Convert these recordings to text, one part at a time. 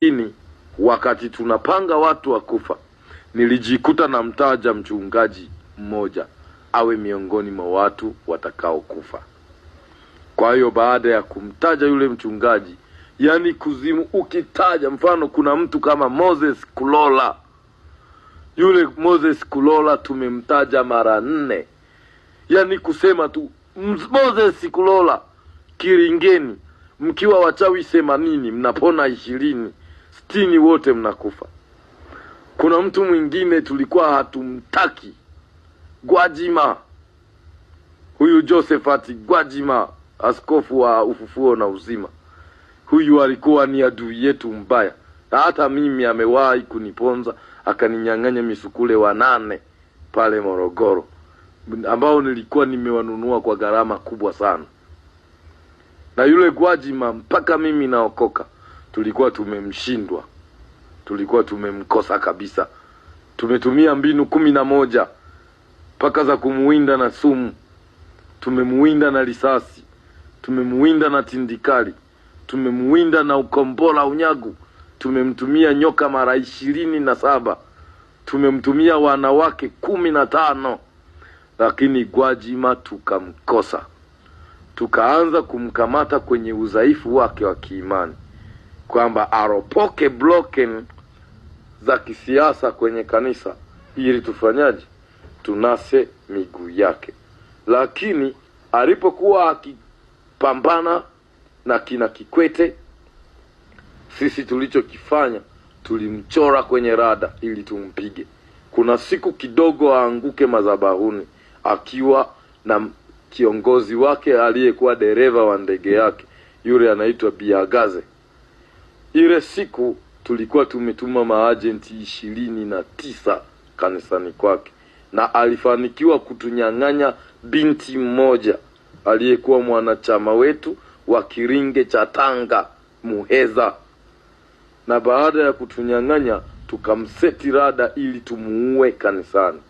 ini wakati tunapanga watu wa kufa, nilijikuta namtaja mchungaji mmoja awe miongoni mwa watu watakaokufa. Kwa hiyo baada ya kumtaja yule mchungaji, yani kuzimu ukitaja, mfano kuna mtu kama Moses Kulola, yule Moses Kulola tumemtaja mara nne, yani kusema tu Moses Kulola, kiringeni, mkiwa wachawi themanini mnapona ishirini maskini wote mnakufa. Kuna mtu mwingine tulikuwa hatumtaki Gwajima, huyu Josephat Gwajima, askofu wa ufufuo na uzima, huyu alikuwa ni adui yetu mbaya, na hata mimi amewahi kuniponza akaninyang'anya misukule wanane pale Morogoro, ambao nilikuwa nimewanunua kwa gharama kubwa sana, na yule Gwajima mpaka mimi naokoka tulikuwa tumemshindwa, tulikuwa tumemkosa kabisa. Tumetumia mbinu kumi na moja mpaka za kumuwinda na sumu, tumemuwinda na risasi, tumemuwinda na tindikali, tumemuwinda na ukombola unyagu, tumemtumia nyoka mara ishirini na saba, tumemtumia wanawake kumi na tano, lakini Gwajima tukamkosa, tukaanza kumkamata kwenye udhaifu wake wa kiimani kwamba aropoke blocking za kisiasa kwenye kanisa ili tufanyaje, tunase miguu yake. Lakini alipokuwa akipambana na kina Kikwete, sisi tulichokifanya tulimchora kwenye rada ili tumpige. Kuna siku kidogo aanguke madhabahuni akiwa na kiongozi wake aliyekuwa dereva wa ndege yake yule anaitwa Biagaze. Ile siku tulikuwa tumetuma maajenti ishirini na tisa kanisani kwake, na alifanikiwa kutunyang'anya binti mmoja aliyekuwa mwanachama wetu wa kiringe cha Tanga Muheza, na baada ya kutunyang'anya tukamseti rada ili tumuue kanisani.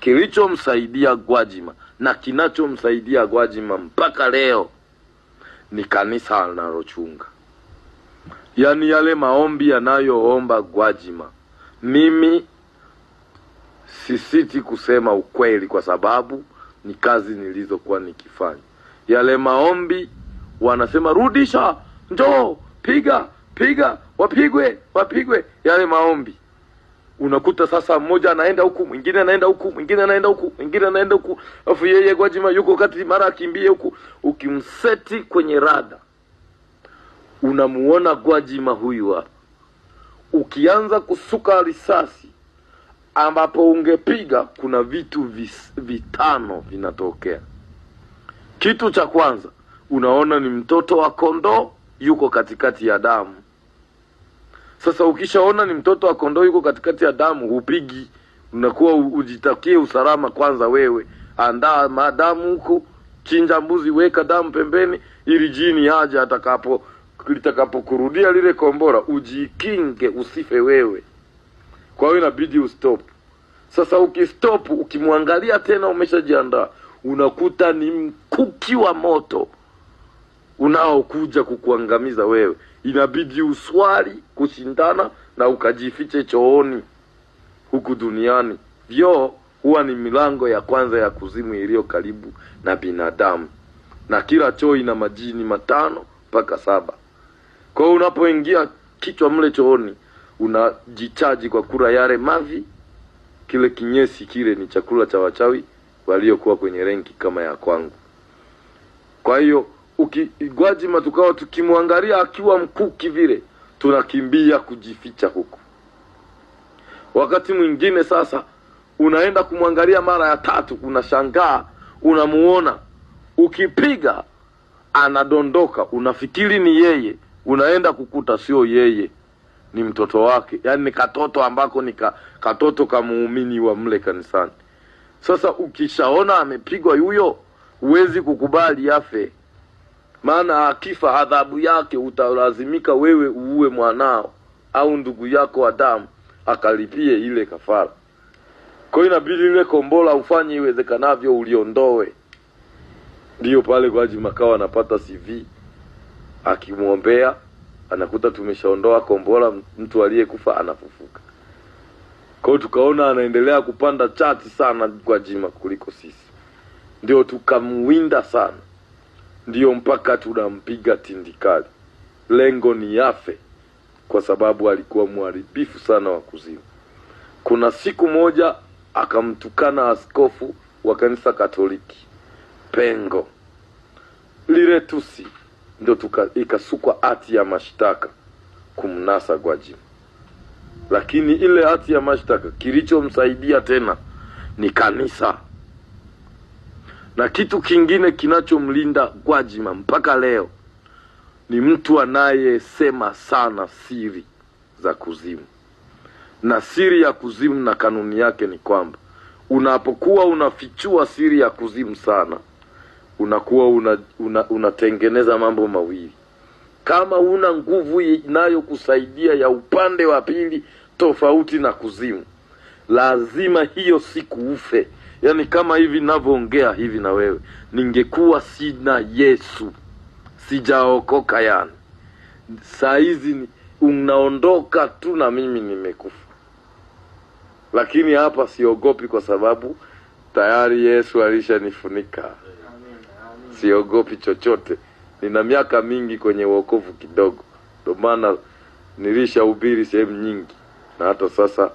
Kilichomsaidia Gwajima na kinachomsaidia Gwajima mpaka leo ni kanisa analochunga yaani yale maombi yanayoomba Gwajima. Mimi sisiti kusema ukweli, kwa sababu ni kazi nilizokuwa nikifanya. Yale maombi wanasema rudisha, njoo, piga piga, wapigwe, wapigwe, yale maombi unakuta sasa mmoja anaenda huku, mwingine anaenda huku, mwingine anaenda huku, mwingine anaenda huku, alafu yeye Gwajima yuko kati, mara akimbie huku, ukimseti kwenye rada unamuona Gwajima huyu hapa, ukianza kusuka risasi ambapo ungepiga, kuna vitu vis, vitano vinatokea. Kitu cha kwanza unaona ni mtoto wa kondoo yuko katikati ya damu. Sasa ukishaona ni mtoto wa kondoo yuko katikati ya damu, hupigi, unakuwa ujitakie usalama kwanza. Wewe andaa madamu huko, chinja mbuzi, weka damu pembeni, ili jini aje atakapo litakapokurudia lile kombora ujikinge, usife wewe. Kwa hiyo inabidi ustop. Sasa ukistop, ukimwangalia tena, umeshajiandaa unakuta ni mkuki wa moto unaokuja kukuangamiza wewe. Inabidi uswali kushindana na ukajifiche chooni huku duniani. Vyoo huwa ni milango ya kwanza ya kuzimu iliyo karibu na binadamu, na kila choo ina majini matano mpaka saba. Kwa hiyo unapoingia kichwa mle chooni, unajichaji kwa kula yale mavi. Kile kinyesi kile ni chakula cha wachawi waliokuwa kwenye renki kama ya kwangu. Kwa hiyo Gwajima tukawa tukimwangalia akiwa mkuki vile, tunakimbia kujificha huku. Wakati mwingine sasa unaenda kumwangalia mara ya tatu, unashangaa, unamuona, ukipiga anadondoka, unafikiri ni yeye unaenda kukuta sio yeye, ni mtoto wake, yaani ni katoto ambako ni ka, katoto ka muumini wa mle kanisani. Sasa ukishaona amepigwa yuyo, huwezi kukubali afe, maana akifa adhabu yake utalazimika wewe uue mwanao au ndugu yako adamu akalipie ile kafara. Kwa hiyo inabidi ile kombola ufanye iwezekanavyo uliondoe. Ndiyo pale kwaji makawa anapata CV akimwombea anakuta tumeshaondoa kombora, mtu aliyekufa anafufuka. Kwao tukaona anaendelea kupanda chati sana kwa jima kuliko sisi, ndio tukamwinda sana, ndiyo mpaka tunampiga tindikali. Lengo ni yafe, kwa sababu alikuwa mharibifu sana wa kuzimu. Kuna siku moja akamtukana askofu wa kanisa Katoliki Pengo, lile tusi ndio ikasukwa hati ya mashtaka kumnasa Gwajima, lakini ile hati ya mashtaka kilichomsaidia tena ni kanisa na kitu kingine kinachomlinda Gwajima mpaka leo ni mtu anayesema sana siri za kuzimu, na siri ya kuzimu na kanuni yake ni kwamba unapokuwa unafichua siri ya kuzimu sana unakuwa una, una, unatengeneza mambo mawili. Kama una nguvu inayokusaidia ya upande wa pili tofauti na kuzimu, lazima hiyo siku ufe. Yaani kama hivi ninavyoongea hivi na wewe, ningekuwa sina Yesu, sijaokoka yani, saa hizi unaondoka tu na mimi nimekufa, lakini hapa siogopi kwa sababu tayari Yesu alishanifunika siogopi chochote, nina miaka mingi kwenye uokovu kidogo, ndio maana nilishahubiri sehemu nyingi, na hata sasa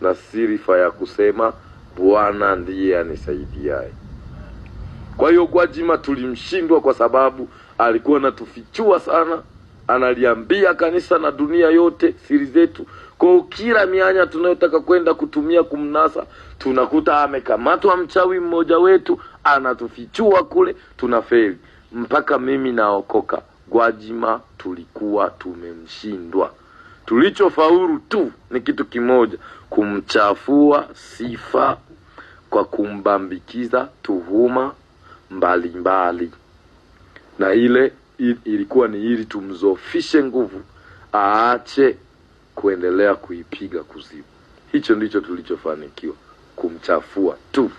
na sirifa ya kusema Bwana ndiye anisaidiaye. Kwa hiyo Gwajima tulimshindwa kwa sababu alikuwa anatufichua sana, analiambia kanisa na dunia yote siri zetu. Kwa kila mianya tunayotaka kwenda kutumia kumnasa, tunakuta amekamatwa mchawi mmoja wetu anatufichua kule, tunafeli mpaka mimi naokoka. Gwajima tulikuwa tumemshindwa. Tulichofaulu tu ni kitu kimoja, kumchafua sifa kwa kumbambikiza tuhuma mbalimbali mbali. Na ile ilikuwa ni ili tumzofishe nguvu aache kuendelea kuipiga kuzibu. Hicho ndicho tulichofanikiwa kumchafua tu.